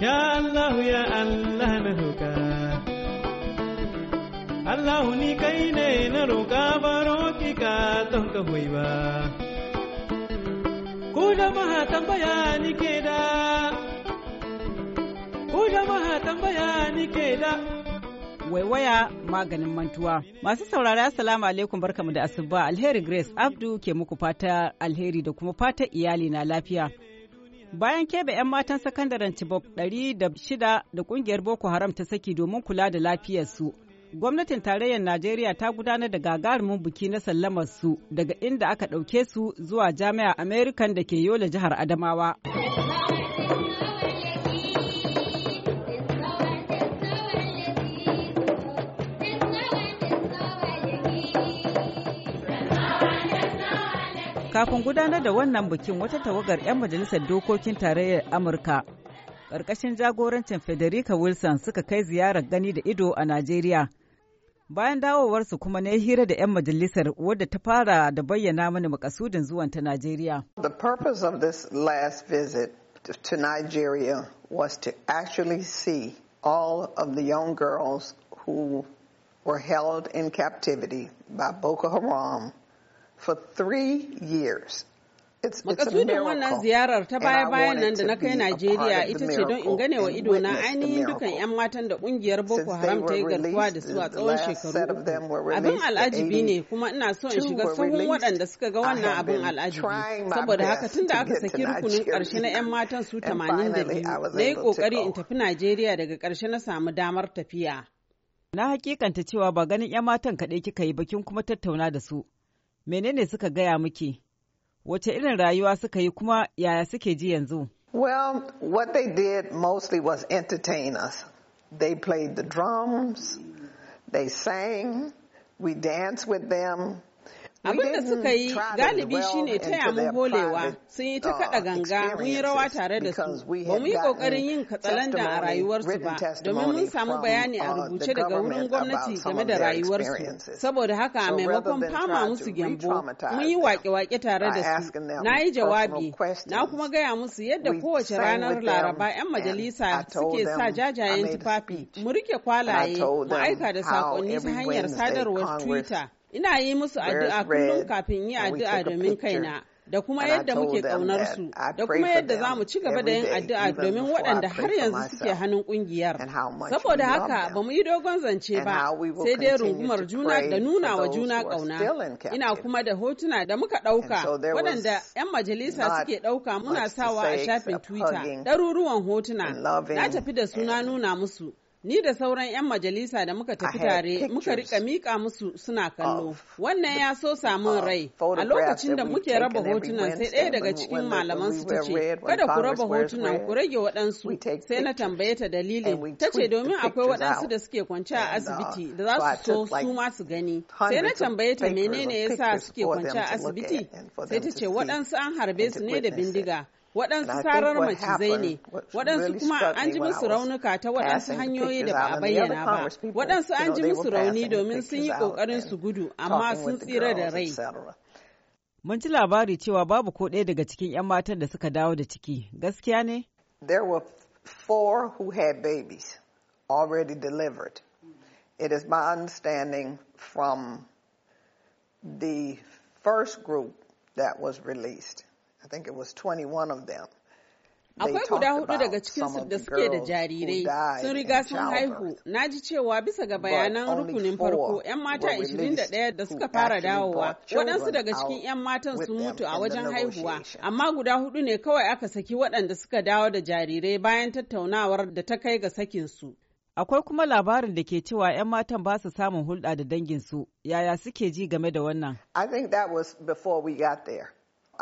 Ya Allah ya Allah na roƙa Allah ni kai ne na roƙa baro ki ka don ka hoyi ba Ku da ke da Waiwaya maganin mantuwa Masu saurara assalamu alaikum barkamu da asuba alheri Grace Abdu ke muku fata alheri da kuma fata iyali na lafiya bayan keɓe 'yan matan sakandaren tibok 600 da ƙungiyar Boko Haram ta saki domin kula da lafiyarsu. Gwamnatin tarayyar Najeriya ta gudanar da gagarumin biki na sallamar su daga inda aka ɗauke su zuwa jami'a American da ke Yola jihar Adamawa. kafin gudanar da wannan bikin wata tawagar 'yan majalisar dokokin tarayyar amurka ƙarƙashin jagorancin federica wilson suka kai ziyarar gani da ido a najeriya bayan dawowarsu kuma na hira da 'yan majalisar wadda ta fara da bayyana mani makasudin zuwan ta najeriya were held in captivity by boko haram for three years. da wannan ziyarar ta baya-bayan nan da na kai Najeriya ita ce don in gane wa ido na ainihin dukan 'yan matan da kungiyar Boko Haram ta yi garkuwa da su a tsawon shekaru. Abin al'ajibi ne kuma ina so in shiga sahun waɗanda suka ga wannan abin al'ajibi. Saboda haka tun da aka saki rukunin ƙarshe na 'yan matan su 82 na yi ƙoƙari in tafi Najeriya daga ƙarshe na samu damar tafiya. Na hakikanta cewa ba ganin 'yan matan kaɗai kika yi bakin kuma tattauna da su. menene suka gaya miki wace irin rayuwa suka yi kuma yaya suke ji yanzu well what they did mostly was entertain us they played the drums they sang we danced with them Abin da suka yi galibi shine taya mu holewa sun yi ta uh, kaɗa ganga mun yi rawa tare da su ba mu yi ƙoƙarin yin katsalandan a rayuwarsu ba domin mun samu bayani a uh, rubuce daga wurin gwamnati game da rayuwarsu saboda haka a maimakon fama musu gyambo mun yi wake-wake tare da su na yi jawabi na kuma gaya musu yadda kowace ranar laraba 'yan majalisa suke sa jajayen tufafi mu rike kwalaye mu aika da saƙonni ta hanyar sadarwar twitter Ina yi musu addu'a kullum kafin yi addu'a domin kaina. da kuma yadda muke kaunar su da kuma yadda za mu ci gaba da yin addu'a domin waɗanda har yanzu suke hannun ƙungiyar saboda haka ba mu yi dogon zance ba sai dai rungumar juna da nuna wa juna ƙauna ina kuma da hotuna da muka ɗauka waɗanda 'yan majalisa suke ɗauka muna sawa a shafin twitter ɗaruruwan hotuna na tafi da suna nuna musu Ni da sauran 'yan majalisa da muka tafi tare muka rika mika musu suna kallo. Wannan ya so samun uh, rai. A lokacin da muke raba hotunan sai ɗaya daga cikin malaman su ta ce, kada ku raba hotunan ku rage waɗansu sai na tambaye ta dalilin. Ta ce domin akwai waɗansu da suke kwance a uh, asibiti da za su so su ma su gani. Sai na tambaye ta menene ya sa suke kwance a asibiti? Sai ta ce waɗansu an harbe su ne da bindiga. waɗansu macizai ne waɗansu kuma an ji musu raunuka ta waɗansu hanyoyi da ba a bayyana ba waɗansu an ji musu rauni domin sun yi ƙoƙarin su gudu amma sun tsira da rai mun labari cewa babu ko ɗaya daga cikin 'yan matan da suka dawo da ciki gaskiya ne there were four who had babies already delivered it is my understanding from the first group that was released I think it was 21 of them. Akwai guda hudu daga cikinsu da suke da jarirai sun riga sun haihu. Na ji cewa bisa ga bayanan rukunin farko, 'yan mata 21 da suka fara dawowa, waɗansu daga cikin 'yan matan sun mutu a wajen haihuwa, amma guda hudu ne kawai aka saki waɗanda suka dawo da jarirai bayan tattaunawar da ta kai ga sakinsu. Akwai kuma labarin da ke cewa 'yan matan ba su samun hulɗa da danginsu, yaya suke ji game da wannan? I think that was before we got there.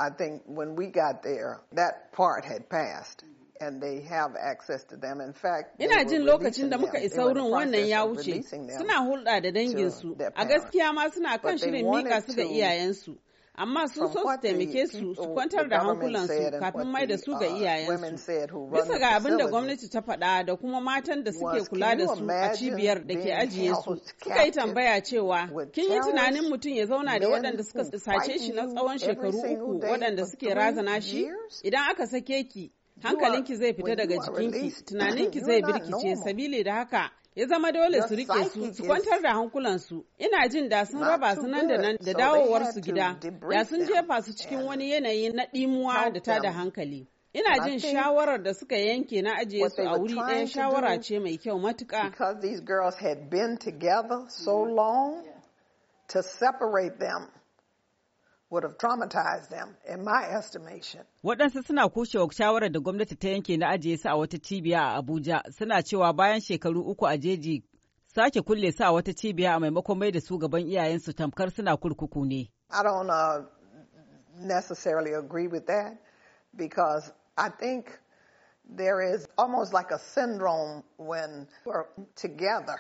I think when we got there, that part had passed. And they have access to them. In fact, ina jin lokacin da muka isa wurin wannan ya wuce suna hulɗa da danginsu a gaskiya ma suna kan shirin mika su ga iyayensu. amma sun so su taimake su su kwantar da hankulansu kafin mai da su ga uh, iyayensu. Bisa ga abin da gwamnati ta faɗa da kuma matan da suke kula da su a cibiyar da ke ajiye su suka yi tambaya cewa kin yi tunanin mutum ya zauna da waɗanda suka sace shi na tsawon shekaru uku waɗanda suke razana shi idan aka sake ki hankalinki zai fita daga jikinki tunaninki zai birkice sabili da haka ya zama dole su rike su su kwantar da hankulansu ina jin da sun raba su nan da nan da dawowar su gida da sun jefa su cikin wani yanayi na dimuwa da ta da hankali ina jin shawarar da suka yanke na ajiye su a wuri ɗaya shawara ce mai kyau matuka because these girls had been so long to separate them would have traumatized them, in my estimation. Waɗansu suna kushewa shawarar da gwamnati ta yanke na ajiye su a wata cibiya a Abuja, suna cewa bayan shekaru uku a jeji sake kulle su a wata cibiya a maimakon mai da su gaban iyayensu tamkar suna kurkuku ne. I don't uh, necessarily agree with that because I think there is almost like a syndrome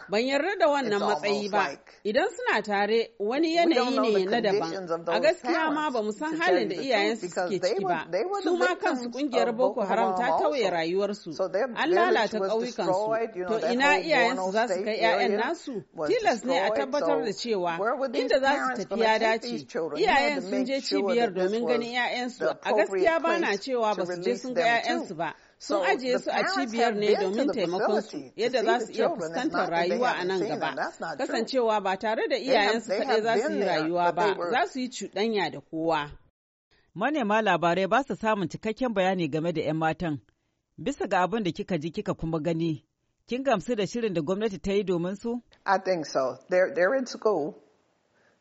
Ban yarda da wannan matsayi ba, idan suna tare wani yanayi ne na daban, a gaskiya ma ba mu san halin da iyayensu suke ciki ba, su ma kansu kungiyar Boko Haram ta tauye rayuwarsu, an lalata ƙauyukansu, to ina iyayensu za su kai 'ya'yan nasu? Tilas ne a tabbatar da cewa inda za su tafi ya dace, iyayen sun je cibiyar domin ganin 'ya'yansu, a gaskiya ba na cewa ba su je sun ga 'ya'yansu ba. sun ajiye su a cibiyar ne domin taimakon su yadda za su iya fuskantar rayuwa a nan gaba kasancewa ba tare da iyayensu kaɗai za su yi rayuwa ba za su yi cuɗanya da kowa manema labarai ba su samun cikakken bayani game da 'yan matan bisa ga abin da kika ji kika kuma gani kin gamsu da shirin da gwamnati ta yi domin su i think so they're, in school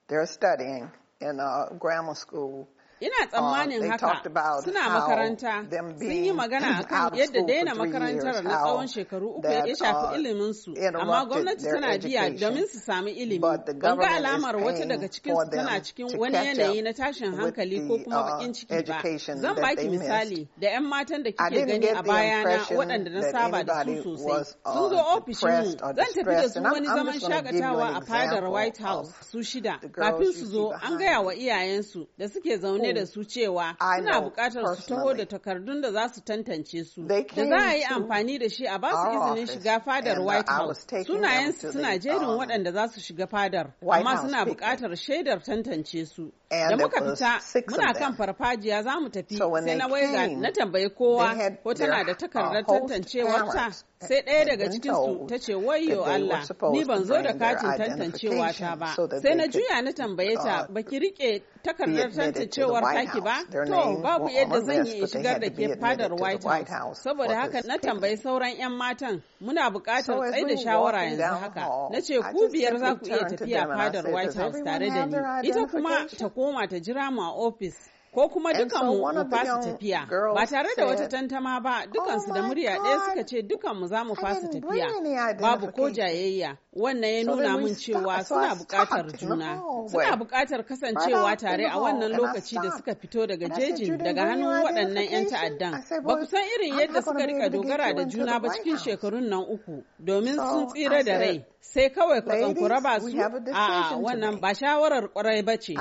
they're studying in a grammar school Ina uh, tsammanin haka suna makaranta sun yi magana akan yadda daina makarantar na tsawon shekaru uku ya shafi uh, iliminsu amma gwamnati tana biya domin su sami ilimi. Ban ga alamar wata daga cikinsu tana cikin wani yanayi na tashin hankali ko kuma uh, bakin ciki ba. Zan baki misali da 'yan matan da kike gani a bayana waɗanda na saba da su sosai. Sun zo ofishinmu zan tafi da su wani zaman shagatawa a fadar White House su shida kafin su zo an gaya wa iyayensu da suke zaune sane da su cewa suna bukatar su taho da takardun da za su tantance su da za a yi amfani da shi a ba su izinin shiga fadar White House. Sunayen suna jerin um, waɗanda za su shiga fadar, amma suna bukatar shaidar tantance su. Da muka fita muna kan farfajiya za mu tafi sai na waiga na tambayi kowa ko tana da takardar uh, tantancewar ta sai eh, ɗaya daga cikinsu ta ce wayo Allah ni ban zo da katin tantancewa ta ba sai na juya na tambaye ta baki rike takardar tantancewar taki ba to babu yadda zan yi shigar da ke fadar White House saboda haka na tambayi sauran 'yan matan muna buƙatar tsaye da shawara yanzu haka na ce ku biyar za ku iya tafiya fadar White House tare da ni ita kuma ta koma ta jira mu a ofis ko kuma dukanmu mu fasa tafiya ba tare da wata tantama ba oh dukansu da murya ɗaya suka ce dukanmu za mu fasa tafiya babu ko jayayya wannan ya nuna mun cewa suna bukatar juna suna bukatar kasancewa tare a wannan lokaci da suka fito daga jejin daga hannun waɗannan 'yan ta'addan ba ku san irin yadda suka rika dogara da juna ba cikin shekarun nan uku domin sun tsira da rai sai kawai ka tsankura ba su a wannan ba shawarar kwarai ba ce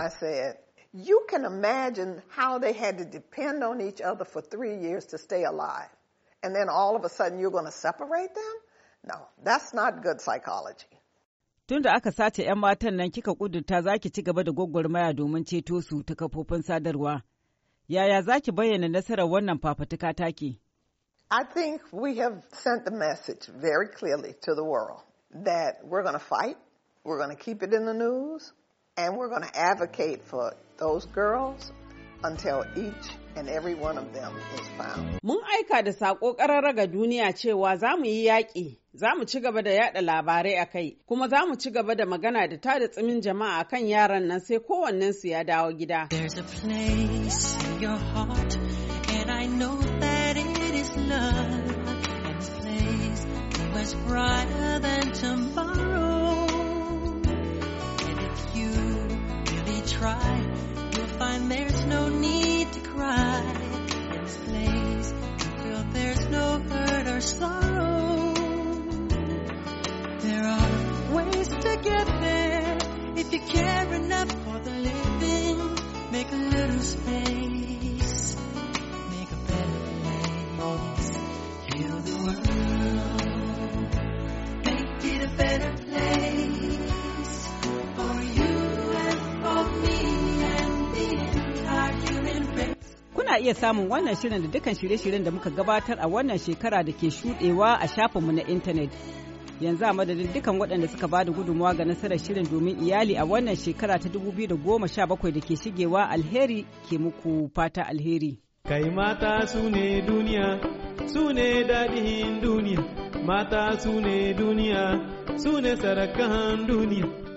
You can imagine how they had to depend on each other for three years to stay alive. And then all of a sudden you're going to separate them? No, that's not good psychology. Tun da aka sace 'yan matan nan kika kudurta za ki ci gaba da gwagwarmaya domin ceto su ta kafofin sadarwa. Yaya za ki bayyana nasarar wannan fafatuka take? I think we have sent the message very clearly to the world that we're going to fight, we're going to keep it in the news, and we're going to advocate for those girls until each and every one of them is found. Mun aika da saƙo ƙarara ga duniya cewa za mu yi yaƙi, za mu ci gaba da yaɗa labarai a kai, kuma za mu ci gaba da magana da tada tsimin jama'a akan yaran nan sai su ya dawo gida. There's a place in your heart, and I know that it is love, and this place was brighter than tomorrow, and if you really try there's no need to cry in this place. You feel there's no hurt or sorrow. There are ways to get there if you care enough for the living. Make a little space. iya samun wannan shirin da dukkan shirye-shiryen da muka gabatar a wannan shekara da ke shudewa a shafinmu na intanet. Yanzu a madadin dukkan waɗanda suka ba da gudunmawa ga nasarar shirin domin iyali a wannan shekara ta 2017 da ke shigewa alheri ke muku fata alheri. Kai mata su ne duniya, su ne daɗin duniya, mata su ne duniya, su ne sarakan duniya.